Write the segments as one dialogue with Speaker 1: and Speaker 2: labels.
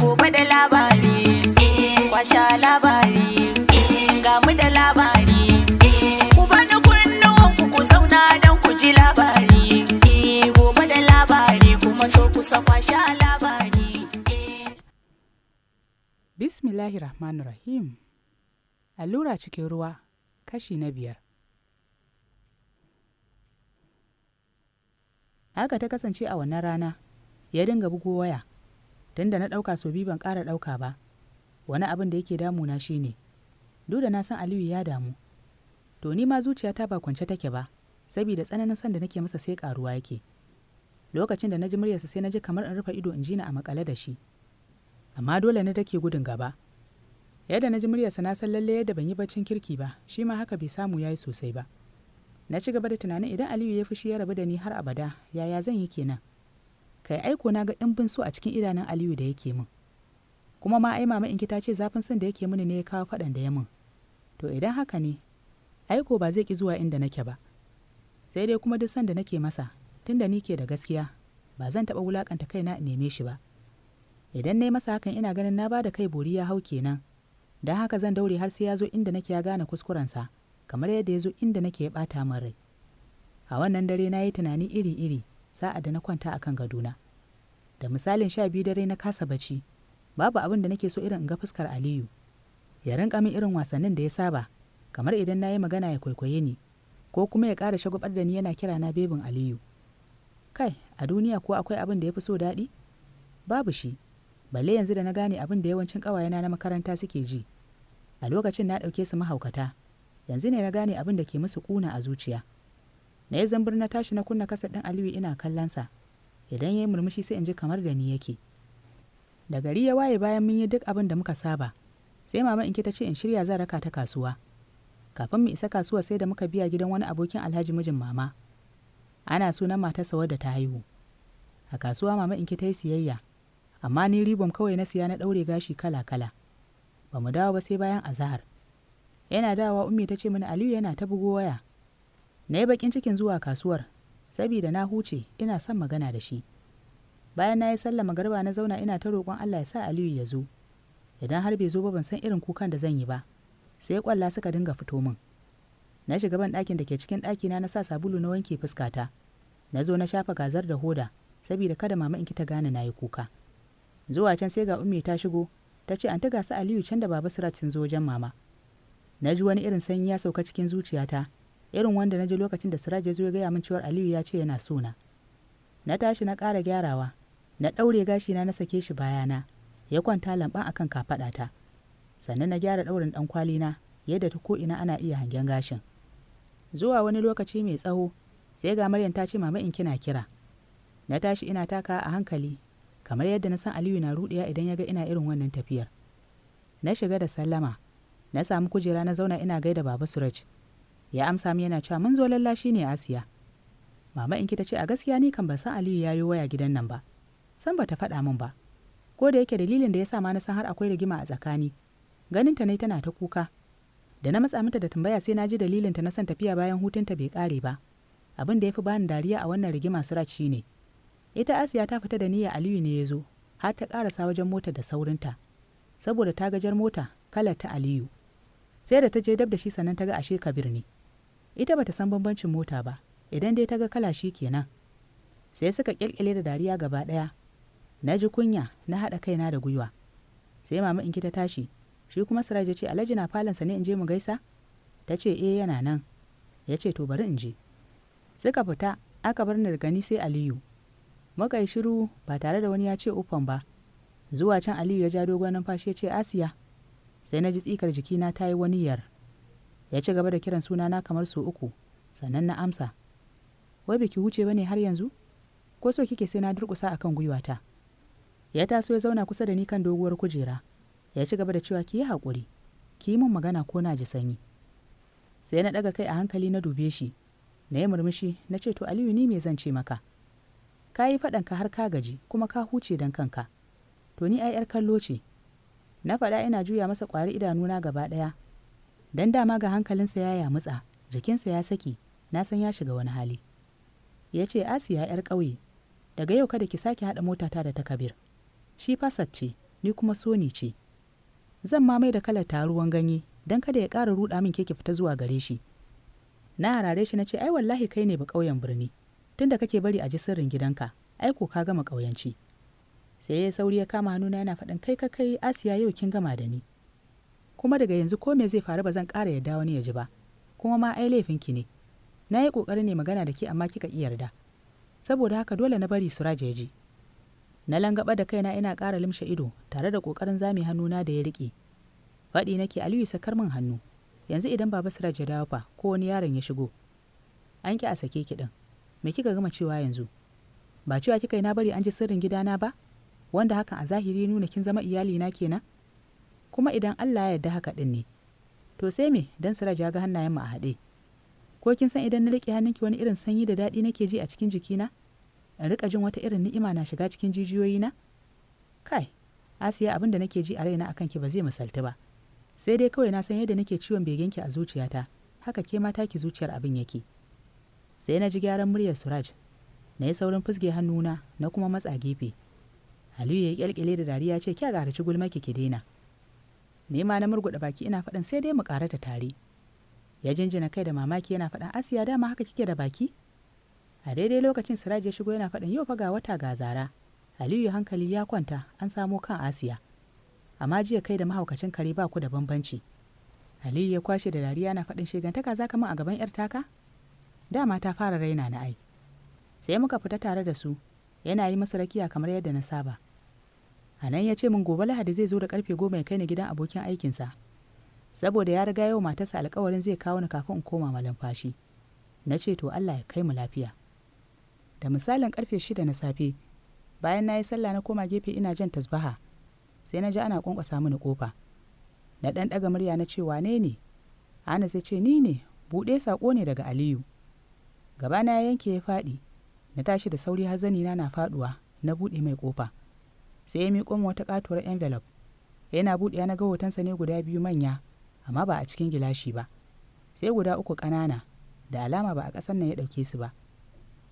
Speaker 1: gobe da labari eh, kwasha labari eh, ga mu da labari eh, ku bani kunnuwan ku ku zauna don ku ji labari gobe da labari kuma so ku kwasha labari Bismillahirrahmanirrahim Allura cikin ruwa kashi na biyar haka ta kasance a wannan rana ya dinga bugo waya tun da na ɗauka so biyu ban ƙara ɗauka ba wani abin da yake damuna ne duk da na san aliyu ya damu to ni ma zuciyata ba kwance take ba saboda tsananin san da nake masa sai ƙaruwa yake lokacin da na ji muryarsa sai na ji kamar in rufe ido in ji na a makale da shi amma dole na dake gudun gaba yadda na ji muryarsa na san lalle yadda ban yi baccin kirki ba shi ma haka bai samu yayi sosai ba na ci gaba da tunanin idan aliyu ya fushi ya rabu da ni har abada yaya zan yi kenan kai aiko na ga ɗimbin so a cikin idanun aliyu da yake min kuma ma ai mama inki ta ce zafin son da yake mini ne ya kawo faɗan da ya min to idan haka ne aiko ba zai ki zuwa inda nake ba sai dai kuma duk sanda da nake masa tunda ni ke da gaskiya ba zan taɓa wulaƙanta kaina in neme shi ba idan na yi masa hakan ina ganin na ba da kai bori ya hau kenan don haka zan daure har sai ya zo inda nake ya gane kuskurensa kamar yadda ya zo inda nake ya ɓata min rai a wannan dare na yi tunani iri-iri sa'a da na kwanta akan gadona da misalin sha biyu dare na kasa bacci babu abin da nake so irin in ga fuskar aliyu ya rinka min irin wasannin da ya saba kamar idan na yi magana ya kwaikwaye ni ko kuma ya ƙara shagwabar da ni yana kira na bebin aliyu kai a duniya ko akwai abin da ya fi so daɗi babu shi balle yanzu da na gane abin da yawancin ƙawayena na makaranta suke ji a lokacin na ɗauke su mahaukata yanzu ne na gane abin da ke musu ƙuna a zuciya na yi zambar na tashi na kunna kasa ɗin aliyu ina kallonsa idan ya yi murmushi sai in ji kamar da ni yake da gari ya waye bayan mun yi duk abin da muka saba sai mama in ta ce in shirya za raka ta kasuwa kafin mu isa kasuwa sai da muka biya gidan wani abokin alhaji mijin mama ana sunan sawar da ta haihu a kasuwa mama in ta yi siyayya amma ni ribom kawai na siya na ɗaure gashi kala-kala ba mu dawo ba sai bayan azahar yana dawa ummi ta ce mana aliyu yana ta bugo waya na yi bakin cikin zuwa kasuwar Sabida na huce ina son magana da shi bayan na yi sallah magarba na zauna ina ta roƙon Allah ya sa Aliyu ya zo idan har bai zo ba ban san irin kukan da zan yi ba sai kwalla suka dinga fito min na shiga ban ɗakin da ke cikin ɗaki na sa sabulu na wanke fuskata na zo na shafa gazar da hoda sabida kada mama in ta gane na yi kuka zuwa can sai ga ummi ta shigo ta ce an ta gasa Aliyu can da baba Sirat sun zo wajen mama na ji wani irin sanyi ya sauka cikin zuciyata irin wanda na ji lokacin da siraj ya zo ya gaya min cewar aliyu ya ce yana suna na tashi na ƙara gyarawa na ɗaure gashina na sake shi bayana ya kwanta lamba akan kafaɗata sannan na gyara ɗaurin ɗan kwalina yadda ta ko'ina ana iya hangen gashin zuwa wani lokaci mai tsawo sai ga maryam ta ce mama in kina kira na tashi ina taka a hankali kamar yadda na san aliyu na ruɗiya idan ya ga ina irin wannan tafiyar na shiga da sallama na samu kujera na zauna ina gaida baba suraj ya amsa mu yana cewa mun zo lallashi ne asiya mama in ta ce a gaskiya ni kan ba san aliyu ya yi waya gidan nan ba san ba ta faɗa min ba ko da yake dalilin da ya sa ma na san har akwai rigima a tsakani ganin ta ne tana ta kuka da na matsa mata da tambaya sai na ji dalilin ta na san tafiya bayan hutunta bai kare ba abin da ya fi bani dariya a wannan rigima surat shine ita asiya ta fita da niyya aliyu ne ya zo har ta karasa wajen mota da saurinta saboda ta gajar mota kalar ta aliyu sai da ta je dab da shi sannan ta ga ashe kabir ne ita bata san bambancin mota ba idan dai ta ga kala shi kenan sai suka kyalkyale da dariya gaba ɗaya na ji kunya na haɗa kaina da gwiwa sai mama in ki ta tashi shi kuma sirai ya ce alhaji na falansa ne in je mu gaisa ta ce eh yana nan ya ce to bari in je suka fita aka bar ni gani sai aliyu muka yi shiru ba tare da wani ya ce ufan ba zuwa can aliyu ya ja dogon numfashi ya ce asiya sai na ji tsikar jikina ta yi wani yar ya ci gaba da kiran sunana kamar su uku sannan na amsa wai biki wuce ba ne har yanzu ko so kike sai na durƙusa akan gwiwata ya taso ya zauna kusa da ni kan doguwar kujera ya ci gaba da cewa ki yi haƙuri ki yi min magana ko na ji sanyi sai na ɗaga kai a hankali na dube shi na yi murmushi na ce to aliyu ni me zan ce maka ka yi faɗanka har ka gaji kuma ka huce dan kanka to ni ai 'yar kallo ce na faɗa ina juya masa ƙwari idanuna gaba ɗaya don dama ga hankalinsa ya yamutsa jikinsa ya saki na san ya shiga wani hali ya ce asiya yar ƙauye daga yau kada ki sake haɗa motata da ta kabir shi fasat ce ni kuma soni ce zan ma mai da kalar taruwan ganye don kada ya ƙara ruɗa min keke fita zuwa gare shi na harare shi na ce ai wallahi kai ne ba ƙauyen birni tunda kake bari a ji sirrin gidanka ai ko ka gama ƙauyanci sai ya sauri ya kama hannuna yana faɗin kai ka kai asiya yau kin gama da ni kuma daga yanzu ko me zai faru ba zan ƙara yarda wani ya ji ba kuma ma ai laifinki ne na yi ƙoƙarin ne magana da ke amma kika ƙi yarda saboda haka dole na bari su raje ji na langaba da kaina ina ƙara limshe ido tare da ƙoƙarin zame hannuna da ya riƙe faɗi nake aliyu sakar min hannu yanzu idan baba su ya dawo fa ko wani yaron ya shigo an ki a sake ki ɗin me kika gama cewa yanzu ba cewa kika yi na bari an ji sirrin gidana ba wanda hakan a zahiri nuna kin zama iyali iyalina kenan kuma idan Allah ya yarda haka ɗin ne to sai me dan siraj ya ga hannayen mu a haɗe ko kin san idan na riƙe hannunki wani irin sanyi da daɗi nake ji a cikin jikina in rika jin wata irin ni'ima na shiga cikin jijiyoyina kai asiya abin da nake ji a raina akan ki ba zai misaltu ba sai dai kawai na san yadda nake ciwon begenki a zuciyata haka ke mata ki zuciyar abin yake sai na ji gyaran muryar suraj na yi saurin fusge hannuna na kuma matsa gefe aliyu ya kyalkyale da dariya ce kya garaci gulma ki ki daina nema na murguɗa baki ina faɗin sai dai mu ƙara da tare ya jinjina kai da mamaki yana faɗin asiya dama haka kike da baki a daidai lokacin siraji ya shigo yana faɗin yau fa ga wata ga zara aliyu hankali ya kwanta an samo kan asiya amma jiya kai da mahaukacin kare ba ku da bambanci aliyu ya kwashe da dariya yana faɗin shigantaka za ka min a gaban yar taka dama ta fara raina na ai sai muka fita tare da su yana yi masa rakiya kamar yadda na saba A nan ya ce min gobe lahadi zai zo da karfe goma ya kai ni gidan abokin aikinsa saboda ya riga yau matarsa alkawarin zai kawo ni kafin in koma malam fashi na ce to allah ya kai mu lafiya da misalin karfe shida na safe bayan na yi sallah na koma gefe ina jan tasbaha sai na ji ana kwankwasa mini kofa na ɗan ɗaga murya na ce wane ne ana sai ce ni ne buɗe saƙo ne daga aliyu gabana ya yanke ya faɗi na tashi da sauri har zanina na faɗuwa na buɗe mai ƙofa. sai ya miƙo min wata katuwar envelope yana buɗe na ga hotonsa ne guda biyu manya amma ba a cikin gilashi ba sai guda uku ƙanana da alama ba a ƙasar nan ya ɗauke su ba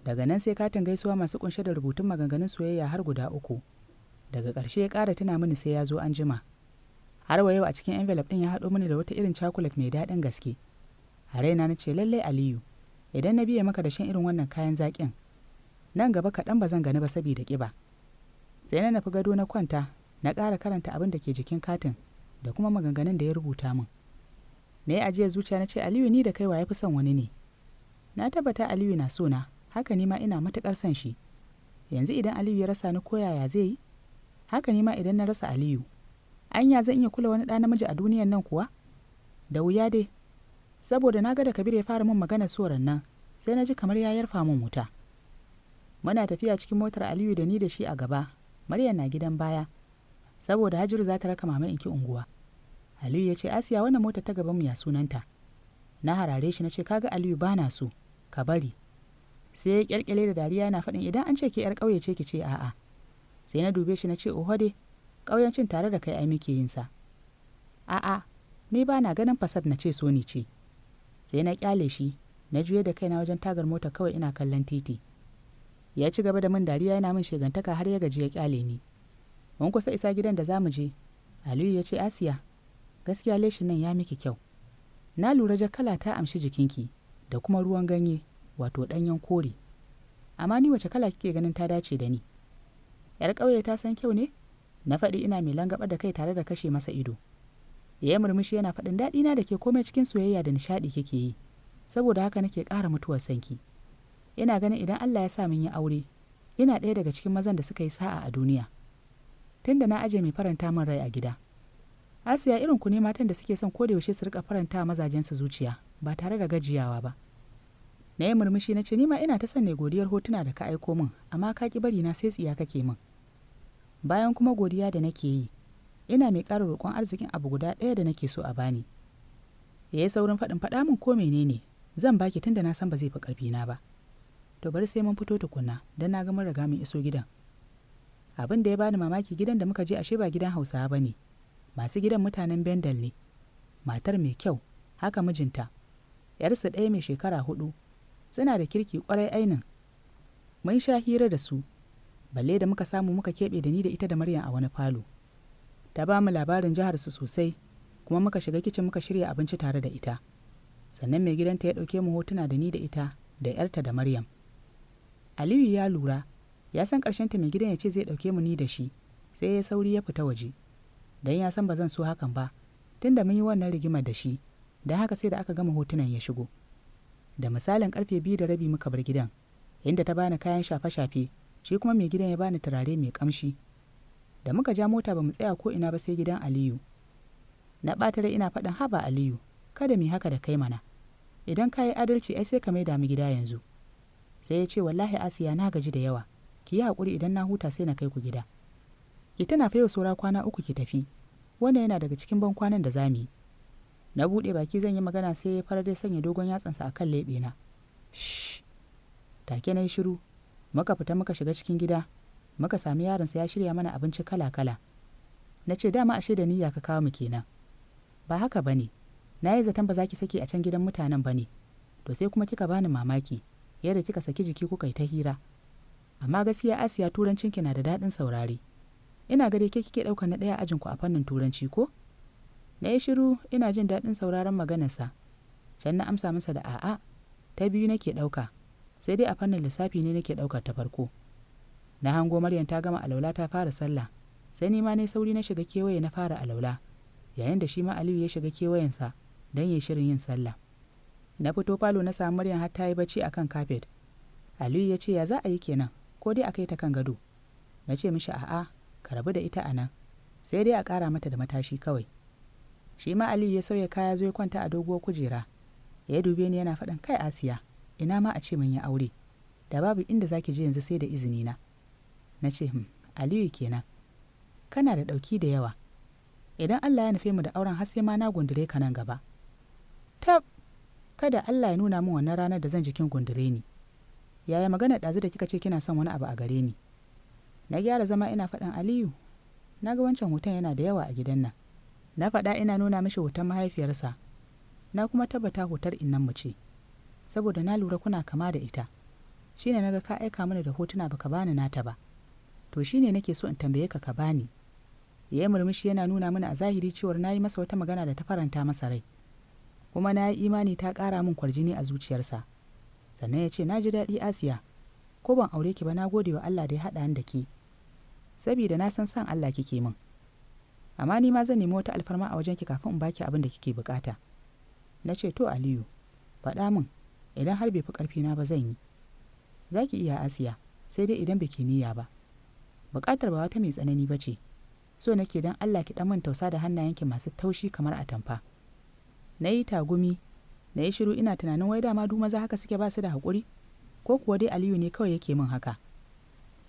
Speaker 1: daga nan sai katin gaisuwa masu ƙunshe da rubutun maganganun soyayya har guda uku daga ƙarshe ya ƙara tuna mini sai ya zo an jima har wa yau a cikin envelope ɗin ya haɗo mini da wata irin chocolate mai daɗin gaske a raina na ce lallai aliyu idan na biya maka da shan irin wannan kayan zaƙin nan gaba kaɗan ba zan gani ba sabida ƙiba sai na nufi gado na kwanta na ƙara karanta abin da ke jikin katin da kuma maganganun da ya rubuta min na yi ajiya zuciya na ce aliyu ni da kaiwa ya fi son wani ne na tabbata aliyu na so na haka ni ma ina matuƙar son shi yanzu idan aliyu ya rasa ni koyaya zai yi haka ni ma idan na rasa aliyu anya zan iya kula wani ɗa namiji a duniyan nan kuwa da wuya dai saboda na ga da kabir ya fara min magana soran nan sai na ji kamar ya yarfa min wuta muna tafiya cikin motar aliyu da ni da shi a gaba Maryam na gidan baya saboda Hajiru za ta raka mama ki unguwa. Aliyu ya ce Asiya wannan mota ta gaban mu ya sunanta. Na harare shi na ce kaga Aliyu bana so ka bari. Sai ya kyalkyale da dariya yana faɗin idan an ce ki yar ƙauye ce ki ce a'a. Sai na dube shi na ce oho dai ƙauyancin tare da kai ai muke yin sa. A'a ni bana ganin fasad na ce so ni ce. Sai na kyale shi na juye da kaina wajen tagar mota kawai ina kallon titi. ya ci gaba da min dariya yana min shigantaka har ya gaji ya kyale ni mun kusa isa gidan da zamu je aliyu ya ce asiya gaskiya leshin nan ya miki kyau na lura ja kala ta amshi jikinki da kuma ruwan ganye wato ɗanyen kore amma ni wace kala kike ganin ta dace da ni yar ƙauye ta san kyau ne na faɗi ina mai langaba da kai tare da kashe masa ido ya yi murmushi yana faɗin daɗina da ke komai cikin soyayya da nishaɗi kike yi saboda haka nake ƙara mutuwar sanki. yana ganin idan Allah ya sa mun yi aure ina ɗaya daga cikin mazan da suka yi sa'a a duniya tunda na aje mai faranta min rai a gida Asiya irin ku ne matan da suke son yaushe su rika faranta mazajen su zuciya ba tare da gajiyawa ba na yi murmushi na ce ni ma ina ta son godiyar hotuna da ka aiko min amma ka ki bari na sai tsiya kake min bayan kuma godiya da nake yi ina mai ƙara roƙon arzikin abu guda ɗaya da nake so a bani ya saurin faɗin faɗa min ko menene zan baki tunda na san ba zai fi ƙarfi na ba to bari sai mun fito tukuna don na mun riga mun iso gidan abin da ya bani mamaki gidan da muka je ashe ba gidan hausawa ba ne masu gidan mutanen bendal ne matar mai kyau haka mijinta yarsu ɗaya mai shekara hudu suna da kirki kwarai ainin mun sha hira da su balle da muka samu muka keɓe da ni da ita da maryam a wani falo ta ba mu labarin su sosai kuma muka shiga kicin muka shirya abinci tare da ita sannan mai gidanta ya ɗauke mu hotuna da ni da ita da 'yarta da maryam aliyu ya lura ya san ta mai gidan ya ce zai ɗauke mu ni da shi sai ya sauri ya fita waje don ya san ba zan so hakan ba tun da mun yi wannan rigima da shi da haka sai da aka gama hotunan ya shigo da misalin karfe biyu da rabi muka bar gidan inda ta bani kayan shafe-shafe shi kuma mai gidan ya bani turare mai kamshi da muka ja mota ba mu tsaya ko ina ba sai gidan aliyu na ɓata ina faɗin haba aliyu kada mu haka da kai mana idan ka yi adalci ai sai ka mai da mu gida yanzu sai ya ce wallahi asiya na gaji da yawa ki yi haƙuri idan na huta sai na kai ku gida ki tana fa yau saura kwana uku ki tafi wannan yana daga cikin ban kwanan da zamu yi na buɗe baki zan yi magana sai ya fara dai sanya dogon yatsansa a kan leɓena take na yi shiru muka fita muka shiga cikin gida muka sami yaronsa ya shirya mana abinci kala-kala na ce dama ashe da niyya ka kawo mu kenan ba haka bane na yi zaton ba za ki saki a can gidan mutanen ba ne. to sai kuma kika bani mamaki yadda kika saki jiki kuka yi ta hira amma gaskiya asiya turancin ki na da daɗin saurare ina ga dai ke kike ɗauka na ɗaya ajin ku a fannin turanci ko na yi shiru ina jin daɗin sauraron maganarsa can na amsa masa da a'a ta biyu nake ɗauka sai dai a fannin lissafi ne nake ɗauka ta farko na hango maryam ta gama alaula ta fara sallah sai ni ma ne sauri na shiga kewaye na fara alaula yayin da shi ma aliyu ya shiga kewayensa don ya shirin yin sallah na fito falo na samu muryan har ta yi bacci akan kafet aliyu ya ce ya za a yi kenan ko dai a kai ta kan gado na ce mishi a'a ka rabu da ita a nan sai dai a ƙara mata da matashi kawai shi ma aliyu ya sauya kaya zo ya kwanta a doguwar kujera ya dube ni yana faɗin kai asiya ina ma a ce mun yi aure da babu inda zaki je yanzu sai da izini na na ce hmm, aliyu kenan kana da ɗauki da yawa idan allah ya nufe mu da auren har sai ma na gundure ka nan gaba tab kada Allah ya nuna min wannan ranar da zan jikin gundure ni yaya magana ɗazu da kika ce kina son wani abu a gare ni na gyara zama ina faɗin aliyu na ga wancan hoton yana da yawa a gidan nan na faɗa ina nuna mishi hoton mahaifiyarsa na kuma tabbata hotar innan mu ce saboda na lura kuna kama da ita shine naga ka aika mana da hotuna baka bani nata ba to shine nake so in tambaye ka ka bani yayi murmushi yana nuna mana a zahiri cewa na yi masa wata magana da ta faranta masa rai kuma na yi imani ta ƙara min kwarjini a zuciyarsa sannan ya ce na ji daɗi asiya ko ban aure ki ba na gode wa allah da ya haɗa da ke. saboda na san san allah kike min amma ni ma zan nemi wata alfarma a wajen ki kafin in baki abin da kike bukata na ce to aliyu faɗa min idan har bai fi ƙarfi na ba zan yi za ki iya asiya sai dai idan biki niyya ba buƙatar ba wata mai tsanani ba ce so nake don allah ki ɗan min tausa da hannayenki masu taushi kamar a tamfa. na yi tagumi na yi shiru ina tunanin wai dama duk maza haka suke ba su da haƙuri ko kuwa dai aliyu ne kawai yake min haka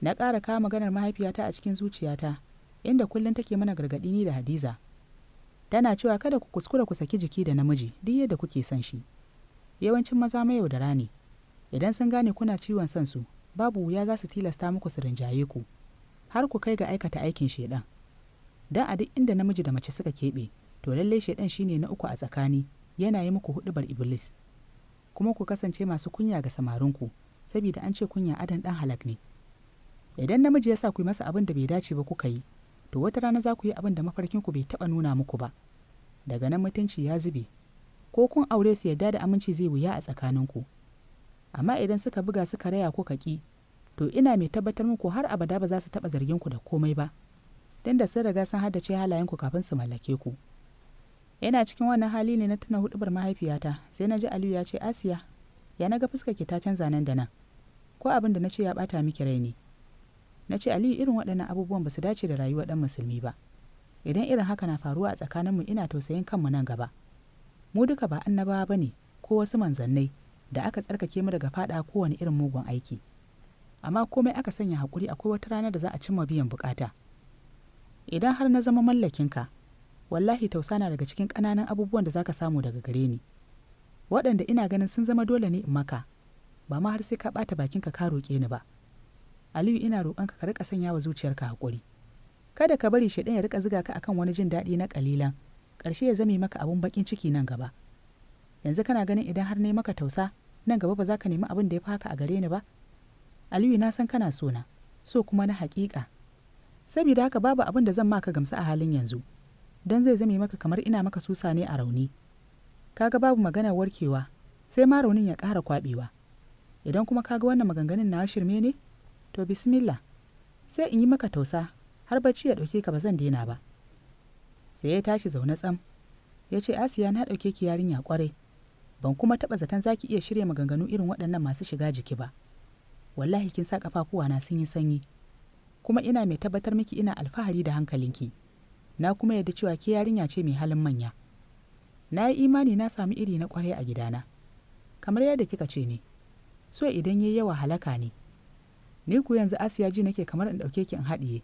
Speaker 1: na ƙara kawo maganar mahaifiyata a cikin zuciyata inda kullum take mana gargaɗi ni da hadiza tana cewa kada ku kuskura ku saki jiki da namiji duk yadda kuke son shi yawancin maza mai yaudara ne idan sun gane kuna ciwon son su babu wuya za su tilasta muku su rinjaye ku har ku kai ga aikata aikin shaidan. dan a duk inda namiji da mace suka keɓe to lallai shaidan shine na uku a tsakani yana yi muku hudubar iblis kuma ku kasance masu kunya ga samarinku saboda an ce kunya adan dan halak ne idan namiji ya sa ku yi masa abin da bai dace ba kuka yi to wata rana za ku yi abin da ku bai taba nuna muku ba daga nan mutunci ya zube ko kun aure su yadda da aminci zai wuya a tsakaninku amma idan suka buga suka raya ko kaki to ina mai tabbatar muku har abada ba za su taba zargin ku da komai ba dan da sun riga sun haddace halayenku kafin su mallake ku yana cikin wannan hali ne na tuna hudubar mahaifiyata sai na ji aliyu ya ce asiya ya naga fuskar ki ta canza nan da nan ko abin da na ce ya bata miki rai ne na ce aliyu irin waɗannan abubuwan ba su dace da rayuwa ɗan musulmi ba idan irin haka na faruwa a mu ina tausayin kanmu nan gaba mu duka ba annabawa ba ne ko wasu manzannai da aka tsarkake mu daga faɗa kowane irin mugun aiki amma komai aka sanya hakuri akwai wata rana da za a cimma biyan bukata idan har na zama mallakinka wallahi tausa na daga cikin ƙananan abubuwan da zaka samu daga gare ni waɗanda ina ganin sun zama dole ne in maka ba ma har sai ka ɓata bakinka ka roƙe ni ba aliyu ina roƙonka ka riƙa sanya wa zuciyarka haƙuri kada ka bari shaɗan ya riƙa ziga ka akan wani jin daɗi na ƙalilan ƙarshe ya zame maka abun baƙin ciki nan gaba yanzu kana ganin idan har ne maka tausa nan gaba ba za ka nemi abin da ya fi haka a gare ni ba aliyu na san kana so na so kuma na haƙiƙa saboda haka babu abin da zan maka gamsu a halin yanzu don zai zame maka kamar ina maka susa ne a rauni kaga babu maganar warkewa sai ma raunin ya ƙara kwaɓewa idan kuma kaga wannan maganganun na shirme ne to bismillah sai in yi maka tausa har bacci ya ɗauke ka ba zan daina ba sai ya tashi zaune tsam ya ce asiya na ɗauke ki yarinya ƙwarai ban kuma taɓa zaton zaki iya shirya maganganu irin waɗannan masu shiga jiki ba wallahi kin sa na sun yi sanyi kuma ina mai tabbatar miki ina alfahari da hankalinki na kuma yadda cewa ke yarinya ce mai halin manya na yi imani na sami iri na kwarai a gidana kamar yadda kika ce ne so idan yi yawa halaka ne ni ku yanzu asiya ji nake kamar in ɗauke ki in haɗiye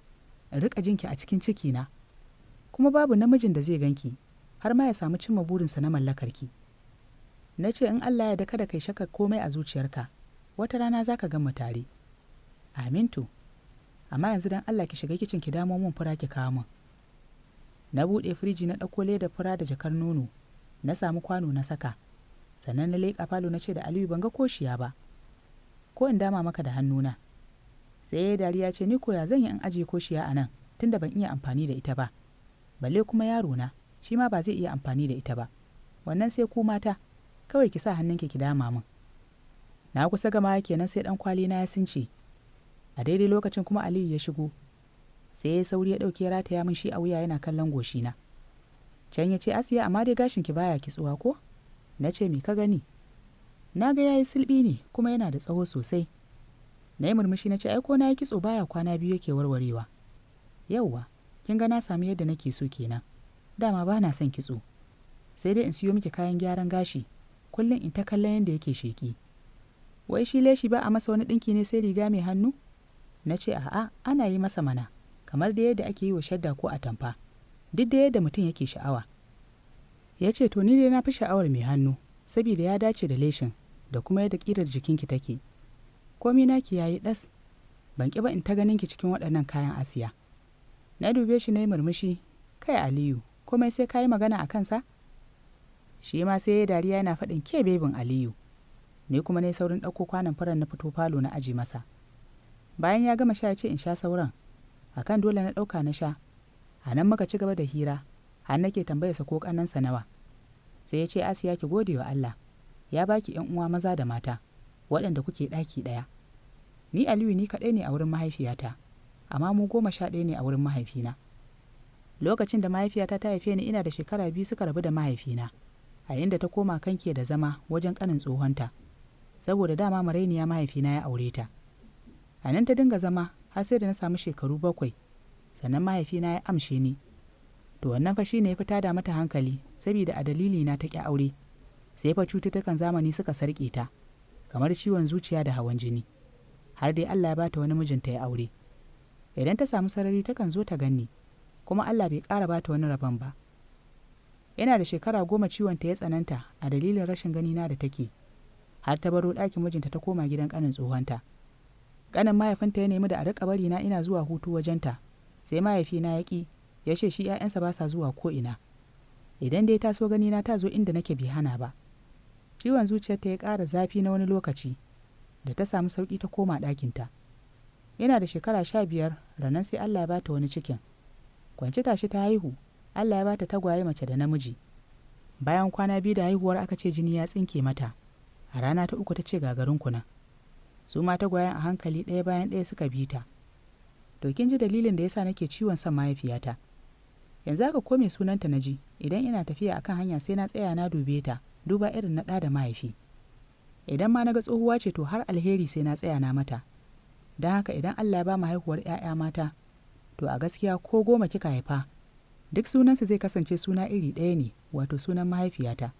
Speaker 1: in riƙa jinki a cikin ciki na kuma babu namijin da zai ganki har ma ya samu cimma burinsa na mallakarki na ce in allah ya da kada kai shakar komai a zuciyarka wata rana za ka gama tare amintu amma yanzu dan allah ki shiga kicin ki damo mun fura ki kawo min na buɗe firiji na ɗauko leda fura da jakar nono na samu kwano na saka sannan na leƙa falo na ce da aliyu ban ga koshiya ba ko in dama maka da hannuna sai ya dariya ce ni koya zan yi an ajiye koshiya a nan tunda ban iya amfani da ita ba balle kuma yaro na shi ma ba zai iya amfani da ita ba wannan sai ku mata kawai ki sa hannunki ki dama min na kusa gama kenan sai dan kwali na ya sunce a daidai lokacin kuma aliyu ya shigo sai ya sauri ya ɗauki ya rataya min shi a wuya yana kallon goshina can ya ce asiya amma dai gashin ki baya kitsuwa ko na ce me ka gani na ga yayi sulbi ne kuma yana da tsawo sosai na yi murmushi na ce ko na yi kitso baya kwana biyu yake warwarewa yauwa kin ga na sami yadda nake so kenan dama ba na son kitso sai dai in siyo miki kayan gyaran gashi kullum in ta kallon yadda yake sheki wai shi leshi ba a masa wani ɗinki ne sai riga mai hannu na ce a'a ana yi masa mana kamar da yadda ake yi wa shadda ko a atamfa duk da yadda mutum yake sha'awa ya ce to ni dai na fi sha'awar mai hannu saboda ya dace da leshin da kuma yadda ƙirar jikinki take komi naki ya yi ɗas ban ƙi ba in ta ganin ki cikin waɗannan kayan asiya na dube shi na yi murmushi kai aliyu komai sai ka yi magana a kansa shi ma sai ya yi dariya yana faɗin ke bebin aliyu ni kuma ne saurin ɗauko kwanan furen na fito falo na aji masa bayan ya gama sha ya ce in sha sauran A kan dole na ɗauka na sha a nan muka ci gaba da hira har nake tambaya sa ko ƙannansa nawa sai ya ce asiya ki gode wa allah ya baki yan uwa maza da mata waɗanda kuke ɗaki ɗaya ni aliyu ni kaɗai ne a wurin mahaifiyata amma mu goma sha ɗaya ne a wurin mahaifina lokacin da mahaifiyata ta haife ni ina da shekara biyu suka rabu da mahaifina a inda ta koma kanke da zama wajen ƙanin tsohonta saboda dama marainiya mahaifina ya aure ta a nan ta dinga zama har sai da na samu shekaru bakwai sannan mahaifina ya amshe ni to wannan fa shine ya fita da mata hankali saboda a dalili na ta ƙi aure sai fa cututtukan zamani suka sarƙe ta kamar ciwon zuciya da hawan jini har dai Allah ya bata wani mijinta ya aure idan ta samu sarari takan zo ta ganni kuma Allah bai ƙara bata wani rabon ba yana da shekara goma ciwon ta ya tsananta a dalilin rashin ganina da take har ta baro ɗakin mijinta ta koma gidan ƙanin tsohonta. kanan mahaifinta ya nemi da a rika bari na ina zuwa hutu wajen ta, sai mahaifina ya ki ya ce shi 'ya'yansa ba sa zuwa ko ina idan dai ta so gani na ta zo inda nake bi hana ba ciwon zuciyar ta ya ƙara zafi na wani lokaci da ta samu sauƙi ta koma ɗakinta yana da shekara sha biyar ranar sai allah ya bata wani cikin kwanci tashi ta haihu allah ya bata tagwaye mace da namiji bayan kwana biyu da haihuwar aka ce jini ya tsinke mata a rana ta uku ta ce gagarin kuna su ma tagwayen a hankali ɗaya bayan ɗaya suka bi ta to kin ji dalilin da yasa nake ciwon son mahaifiyata yanzu haka ko me sunanta na ji idan ina tafiya a kan hanya sai na tsaya na dube ta duba irin na ɗa da mahaifi idan ma na ga tsohuwa ce to har alheri sai na tsaya na mata don haka idan allah ya ba mu haihuwar 'ya'ya mata to a gaskiya ko goma kika haifa duk sunansu zai kasance suna iri ɗaya ne wato sunan mahaifiyata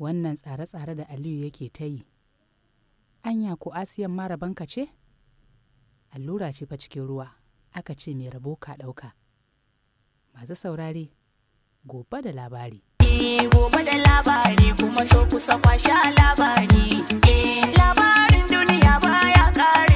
Speaker 1: wannan tsare-tsare da aliyu yake ta yi anya ko asiyan mara banka ce allura ce fa cikin ruwa aka ce mai rabo ka ɗauka masu saurare gobe da labari eh, gobe da labari kuma so kusa fashe labari eh, labarin duniya baya ƙara